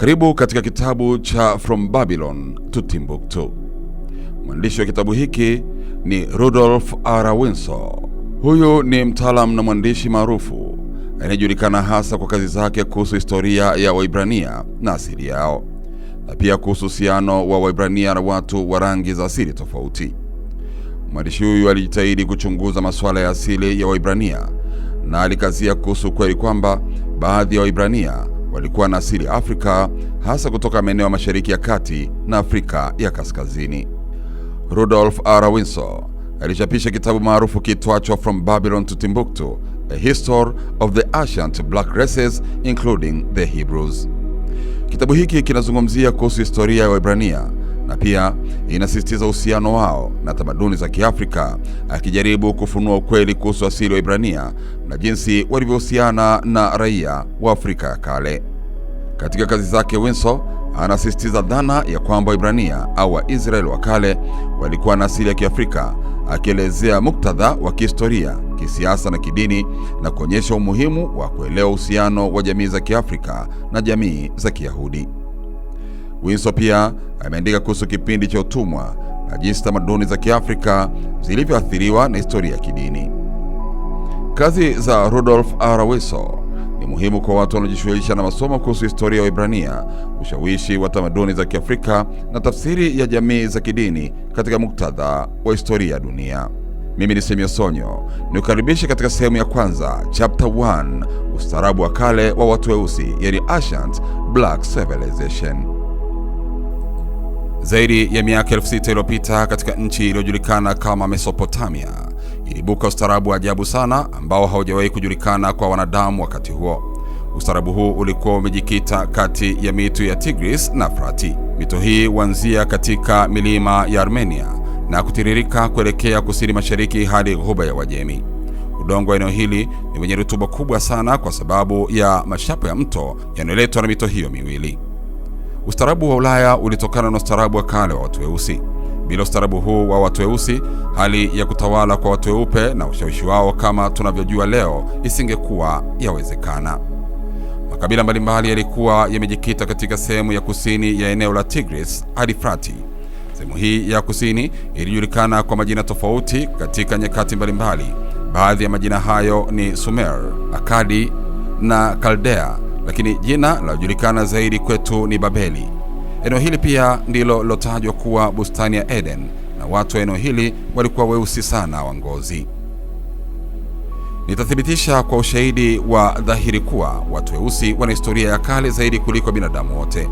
Karibu katika kitabu cha From Babylon to Timbuktu. Mwandishi wa kitabu hiki ni Rudolf R. Winsor. Huyu ni mtaalamu na mwandishi maarufu anayejulikana hasa kwa kazi zake kuhusu historia ya Waibrania na asili yao na pia kuhusu uhusiano wa Waibrania na watu wa rangi za asili tofauti. Mwandishi huyu alijitahidi kuchunguza masuala ya asili ya Waibrania na alikazia kuhusu kweli kwamba baadhi ya Waibrania walikuwa na asili Afrika, hasa kutoka maeneo ya Mashariki ya Kati na Afrika ya Kaskazini. Rudolf R. Windsor alichapisha kitabu maarufu kitwacho From Babylon to Timbuktu, A History of the Ancient Black Races including the Hebrews. Kitabu hiki kinazungumzia kuhusu historia ya Waebrania na pia inasisitiza uhusiano wao na tamaduni za Kiafrika, akijaribu kufunua ukweli kuhusu asili wa Ibrania na jinsi walivyohusiana na raia wa Afrika ya kale. Katika kazi zake, Winsor anasisitiza dhana ya kwamba Ibrania au Waisraeli wa kale walikuwa na asili ya Kiafrika, akielezea muktadha wa kihistoria, kisiasa na kidini na kuonyesha umuhimu wa kuelewa uhusiano wa jamii za Kiafrika na jamii za Kiyahudi winso pia ameandika kuhusu kipindi cha utumwa na jinsi tamaduni za Kiafrika zilivyoathiriwa na historia ya kidini. Kazi za Rudolf R. ni muhimu kwa watu wanaojishughulisha na masomo kuhusu historia ya Waebrania, ushawishi wa tamaduni za Kiafrika na tafsiri ya jamii za kidini katika muktadha wa historia ya dunia. Mimi ni Semio Sonyo, nikukaribisha katika sehemu ya kwanza, chapter 1, ustaarabu wa kale wa watu weusi, yani ancient black civilization. Zaidi ya miaka elfu sita iliyopita katika nchi iliyojulikana kama Mesopotamia ilibuka ustaarabu wa ajabu sana ambao haujawahi kujulikana kwa wanadamu wakati huo. Ustaarabu huu ulikuwa umejikita kati ya mito ya Tigris na Frati. Mito hii huanzia katika milima ya Armenia na kutiririka kuelekea kusini mashariki hadi ghuba ya Uajemi. Udongo wa eneo hili ni wenye rutuba kubwa sana kwa sababu ya mashapo ya mto yanayoletwa na mito hiyo miwili. Ustaarabu wa Ulaya ulitokana na ustaarabu wa kale wa watu weusi. Bila ustaarabu huu wa watu weusi, hali ya kutawala kwa watu weupe na ushawishi wao kama tunavyojua leo isingekuwa yawezekana. Makabila mbalimbali yalikuwa yamejikita katika sehemu ya kusini ya eneo la Tigris hadi Frati. Sehemu hii ya kusini ilijulikana kwa majina tofauti katika nyakati mbalimbali. Baadhi ya majina hayo ni Sumer, Akadi na Kaldea lakini jina linalojulikana zaidi kwetu ni Babeli. Eneo hili pia ndilo lilotajwa kuwa bustani ya Eden, na watu wa eneo hili walikuwa weusi sana wa ngozi. Nitathibitisha kwa ushahidi wa dhahiri kuwa watu weusi wana historia ya kale zaidi kuliko binadamu wote.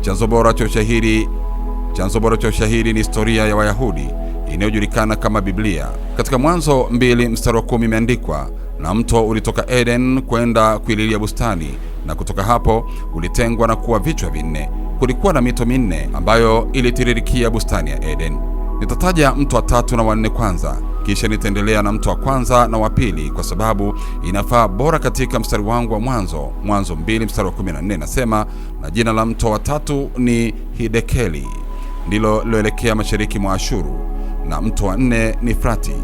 Chanzo bora cha ushahidi chanzo bora cha ushahidi ni historia ya Wayahudi inayojulikana kama Biblia. Katika Mwanzo mbili mstari wa kumi imeandikwa na mto ulitoka Eden kwenda kuililia bustani, na kutoka hapo ulitengwa na kuwa vichwa vinne. Kulikuwa na mito minne ambayo ilitiririkia bustani ya Eden. Nitataja mto wa tatu na wa nne kwanza, kisha nitaendelea na mto wa kwanza na wa pili, kwa sababu inafaa bora katika mstari wangu wa mwanzo. Mwanzo mbili mstari wa 14 nasema, na jina la mto wa tatu ni Hidekeli, ndilo liloelekea mashariki mwa Ashuru, na mto wa nne ni Frati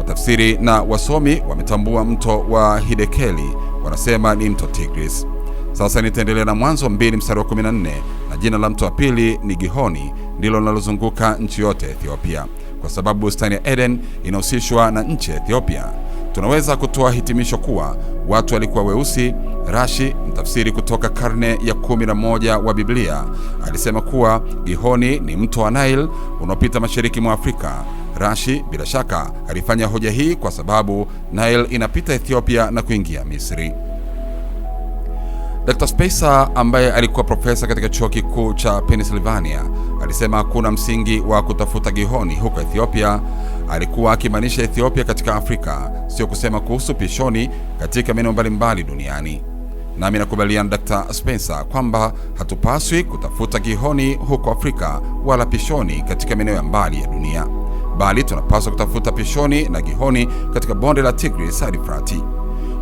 Watafsiri na wasomi wametambua mto wa Hidekeli, wanasema ni mto Tigris. Sasa nitaendelea na Mwanzo mbili mstari wa 14, na jina la mto wa pili ni Gihoni, ndilo linalozunguka nchi yote Ethiopia, kwa sababu bustani ya Eden inahusishwa na nchi ya Ethiopia. Tunaweza kutoa hitimisho kuwa watu walikuwa weusi. Rashi, mtafsiri kutoka karne ya kumi na moja wa Biblia, alisema kuwa Gihoni ni mto wa Nile unaopita mashariki mwa Afrika. Rashi bila shaka alifanya hoja hii kwa sababu Nile inapita Ethiopia na kuingia Misri. Dr. Spacer ambaye alikuwa profesa katika chuo kikuu cha Pennsylvania alisema hakuna msingi wa kutafuta gihoni huko Ethiopia. Alikuwa akimaanisha Ethiopia katika Afrika, sio kusema kuhusu pishoni katika maeneo mbalimbali duniani. Nami nakubaliana Dr. Spencer kwamba hatupaswi kutafuta gihoni huko Afrika wala pishoni katika maeneo ya mbali ya dunia bali tunapaswa kutafuta pishoni na Gihoni katika bonde la Tigris hadi Frati.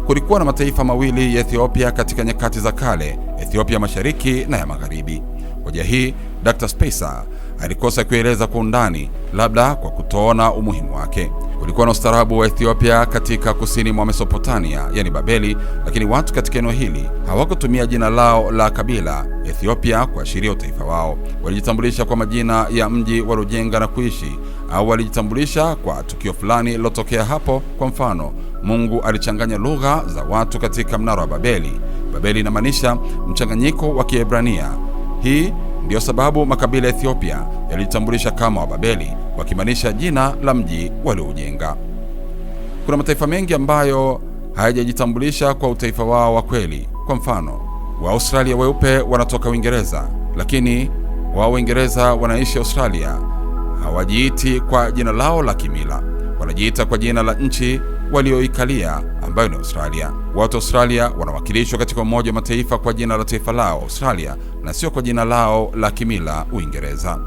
Kulikuwa na mataifa mawili ya Ethiopia katika nyakati za kale, Ethiopia mashariki na ya magharibi. Hoja hii Dr. Spacer alikosa kueleza kwa undani, labda kwa kutoona umuhimu wake. Kulikuwa na ustaarabu wa Ethiopia katika kusini mwa Mesopotamia, yani Babeli, lakini watu katika eneo hili hawakutumia jina lao la kabila Ethiopia kuashiria utaifa wao. Walijitambulisha kwa majina ya mji waliojenga na kuishi, au alijitambulisha kwa tukio fulani lilotokea hapo. Kwa mfano, Mungu alichanganya lugha za watu katika mnara wa Babeli. Babeli inamaanisha mchanganyiko wa Kiebrania. Hii ndiyo sababu makabila ya Ethiopia yalijitambulisha kama Wababeli, wakimaanisha jina la mji walioujenga Kuna mataifa mengi ambayo hayajajitambulisha kwa utaifa wao wa kweli. Kwa mfano, Waaustralia weupe wanatoka Uingereza, lakini wao Uingereza wanaishi Australia hawajiiti kwa jina lao la kimila, wanajiita kwa jina la nchi walioikalia ambayo ni Australia. Watu Australia wanawakilishwa katika Umoja wa Mataifa kwa jina la taifa lao Australia, na sio kwa jina lao la kimila Uingereza.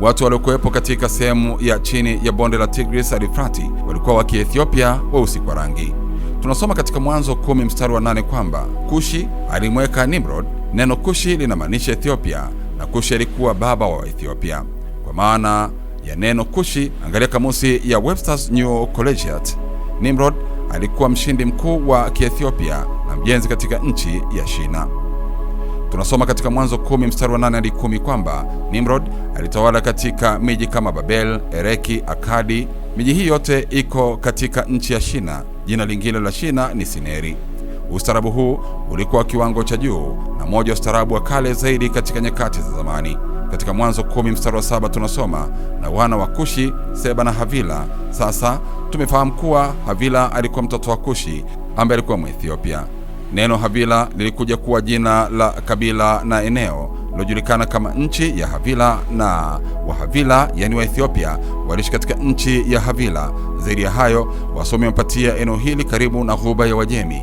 Watu waliokuwepo katika sehemu ya chini ya bonde la Tigris hadi Frati walikuwa wa Kiethiopia weusi kwa rangi. Tunasoma katika Mwanzo kumi mstari wa nane kwamba Kushi alimweka Nimrod. Neno Kushi linamaanisha Ethiopia na Kushi alikuwa baba wa Ethiopia maana ya neno Kushi. Angalia kamusi ya Webster's New Collegiate. Nimrod alikuwa mshindi mkuu wa Kiethiopia na mjenzi katika nchi ya Shina. Tunasoma katika Mwanzo kumi mstari wa nane hadi kumi kwamba Nimrod alitawala katika miji kama Babel, Ereki, Akadi. Miji hii yote iko katika nchi ya Shina. Jina lingine la Shina ni Sineri. Ustaarabu huu ulikuwa kiwango cha juu na moja ustaarabu wa kale zaidi katika nyakati za zamani. Katika Mwanzo kumi mstari wa saba tunasoma na wana wa Kushi, Seba na Havila. Sasa tumefahamu kuwa Havila alikuwa mtoto wa Kushi ambaye alikuwa Mwethiopia. Neno Havila lilikuja kuwa jina la kabila na eneo lilojulikana kama nchi ya Havila, na Wahavila yani Waethiopia waliishi katika nchi ya Havila. Zaidi ya hayo, wasomi wamepatia eneo hili karibu na ghuba ya Wajemi.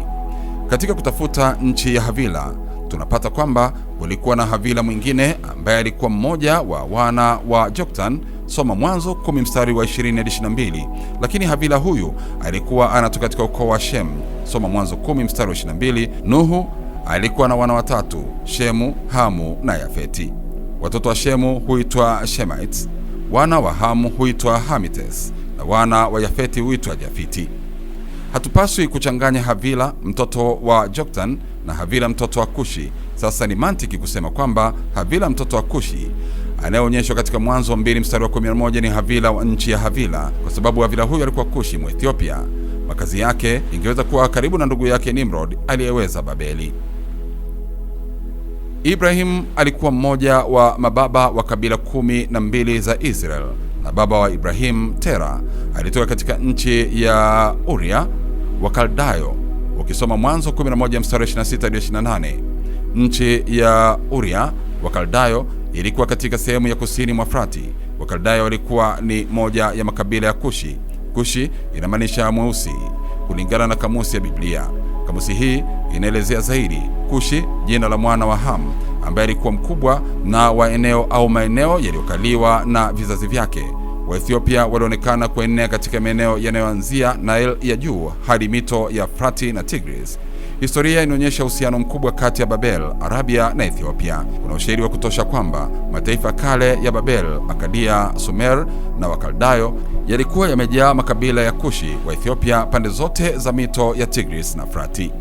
Katika kutafuta nchi ya Havila tunapata kwamba kulikuwa na Havila mwingine ambaye alikuwa mmoja wa wana wa Joktan, soma Mwanzo 10 mstari wa 20 hadi 22. Lakini Havila huyu alikuwa anatoka katika ukoo wa Shem, soma Mwanzo 10 mstari wa 22. Nuhu alikuwa na wana watatu, Shemu, Hamu na Yafeti. Watoto wa Shemu huitwa Shemites, wana wa Hamu huitwa Hamites na wana wa Yafeti huitwa Jafiti. Hatupaswi kuchanganya Havila mtoto wa Joktan na Havila mtoto wa Kushi. Sasa ni mantiki kusema kwamba Havila mtoto wa Kushi anayeonyeshwa katika Mwanzo mbili mstari wa moja ni Havila wa nchi ya Havila, kwa sababu Havila huyo alikuwa Kushi ethiopia Makazi yake ingeweza kuwa karibu na ndugu yake Nimrod aliyeweza Babeli. Ibrahim alikuwa mmoja wa mababa wa kabila kumi na mbili za Israel, na baba wa Ibrahim Tera alitoka katika nchi ya Uria Wakaldayo, ukisoma Mwanzo 11 mstari 26 hadi 28. Nchi ya Uria Wakaldayo ilikuwa katika sehemu ya kusini mwa Frati. Wakaldayo walikuwa ni moja ya makabila ya Kushi. Kushi inamaanisha mweusi kulingana na kamusi ya Biblia. Kamusi hii inaelezea zaidi Kushi, jina la mwana wa ham ambaye alikuwa mkubwa na wa eneo au maeneo yaliyokaliwa na vizazi vyake. Waethiopia walionekana kuenea katika maeneo yanayoanzia Nile ya juu hadi mito ya Frati na Tigris. Historia inaonyesha uhusiano mkubwa kati ya Babel, Arabia na Ethiopia. Kuna ushahidi wa kutosha kwamba mataifa kale ya Babel, Akadia, Sumer na Wakaldayo yalikuwa yamejaa makabila ya Kushi wa Ethiopia pande zote za mito ya Tigris na Frati.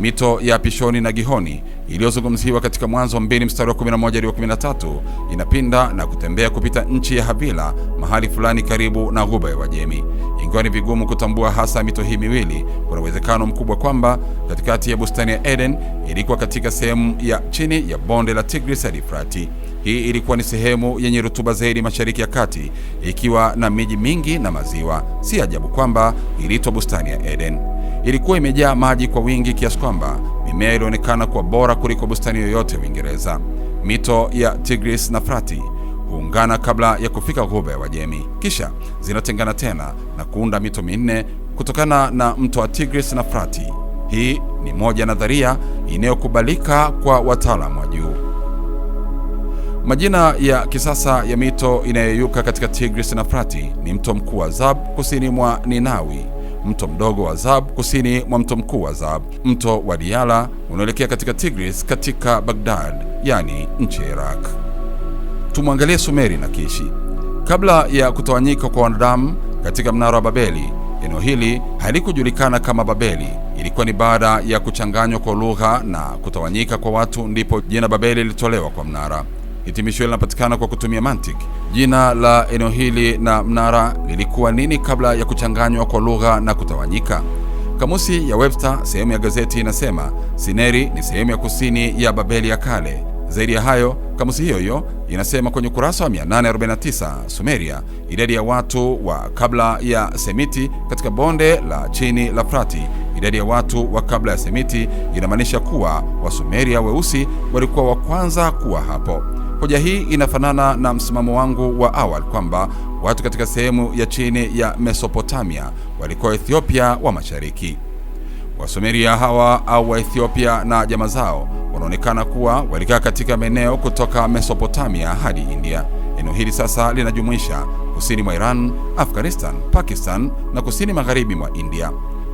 Mito ya Pishoni na Gihoni iliyozungumziwa katika Mwanzo mbili mstari wa 11 hadi 13 inapinda na kutembea kupita nchi ya Havila mahali fulani karibu na Ghuba ya wajemi Ingawa ni vigumu kutambua hasa mito hii miwili, kuna uwezekano mkubwa kwamba katikati ya bustani ya Eden ilikuwa katika sehemu ya chini ya bonde la Tigris hadi Frati. Hii ilikuwa ni sehemu yenye rutuba zaidi Mashariki ya Kati, ikiwa na miji mingi na maziwa. Si ajabu kwamba iliitwa bustani ya Eden ilikuwa imejaa maji kwa wingi kiasi kwamba mimea ilionekana kuwa bora kuliko bustani yoyote Uingereza. Mito ya Tigris na Frati huungana kabla ya kufika ghuba ya Uajemi, kisha zinatengana tena na kuunda mito minne kutokana na mto wa Tigris na Frati. Hii ni moja nadharia inayokubalika kwa wataalamu wa juu. Majina ya kisasa ya mito inayoyuka katika Tigris na Frati ni mto mkuu wa Zab kusini mwa Ninawi mto mdogo wa Zab kusini mwa mto mkuu wa Zab. Mto wa Diyala unaelekea katika Tigris katika Baghdad, yani nchi ya Iraq. Tumwangalie Sumeri na Kishi. Kabla ya kutawanyika kwa wanadamu katika mnara wa Babeli, eneo hili halikujulikana kama Babeli. Ilikuwa ni baada ya kuchanganywa kwa lugha na kutawanyika kwa watu ndipo jina Babeli lilitolewa kwa mnara. Hitimisho linapatikana kwa kutumia mantiki. Jina la eneo hili na mnara lilikuwa nini kabla ya kuchanganywa kwa lugha na kutawanyika? Kamusi ya Webster sehemu ya gazeti inasema Sineri ni sehemu ya kusini ya Babeli ya kale. Zaidi ya hayo, kamusi hiyo hiyo inasema kwenye ukurasa wa 849 Sumeria, idadi ya watu wa kabla ya Semiti katika bonde la chini la Frati. Idadi ya watu wa kabla ya Semiti inamaanisha kuwa Wasumeria weusi walikuwa wa kwanza kuwa hapo. Hoja hii inafanana na msimamo wangu wa awali kwamba watu katika sehemu ya chini ya Mesopotamia walikuwa Ethiopia wa Mashariki. Wasumeria hawa au Waethiopia na jamaa zao wanaonekana kuwa walikaa katika maeneo kutoka Mesopotamia hadi India. Eneo hili sasa linajumuisha kusini mwa Iran, Afghanistan, Pakistan na kusini magharibi mwa India.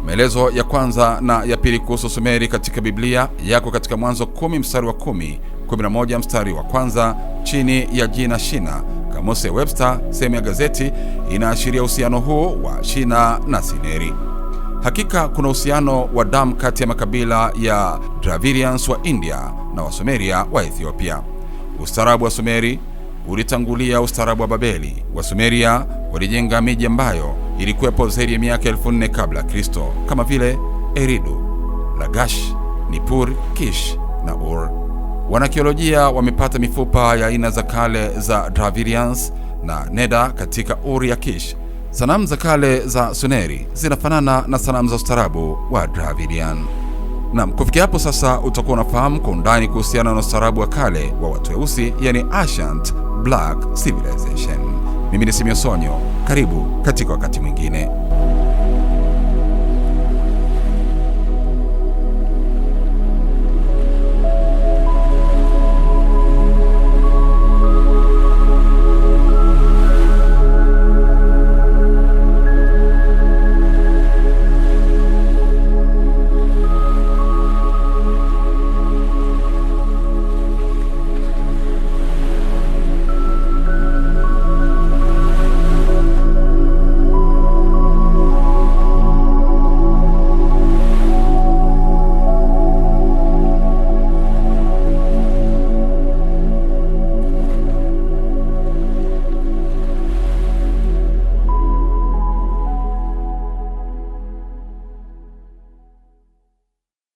Maelezo ya kwanza na ya pili kuhusu Sumeri katika Biblia yako katika Mwanzo kumi mstari wa kumi 11 mstari wa kwanza chini ya jina shina. Kamose Webster sehemu ya gazeti inaashiria uhusiano huo wa shina na Sineri. Hakika kuna uhusiano wa damu kati ya makabila ya Dravidians wa India na Wasumeria wa Ethiopia. Ustaarabu wa Sumeri ulitangulia ustaarabu wa Babeli. Wasumeria walijenga miji ambayo ilikuwepo zaidi ya miaka elfu nne kabla Kristo, kama vile Eridu, Lagash, Nippur, Kish na Ur. Wanakiolojia wamepata mifupa ya aina za kale za Dravidians na Neda katika Uri ya Kish. Sanamu za kale za Suneri zinafanana na sanamu za ustaarabu wa Dravidian. Naam, kufikia hapo sasa utakuwa unafahamu kwa undani kuhusiana na ustaarabu wa kale wa watu weusi, yani Ancient Black Civilization. Mimi ni Simio Sonyo, karibu katika wakati mwingine.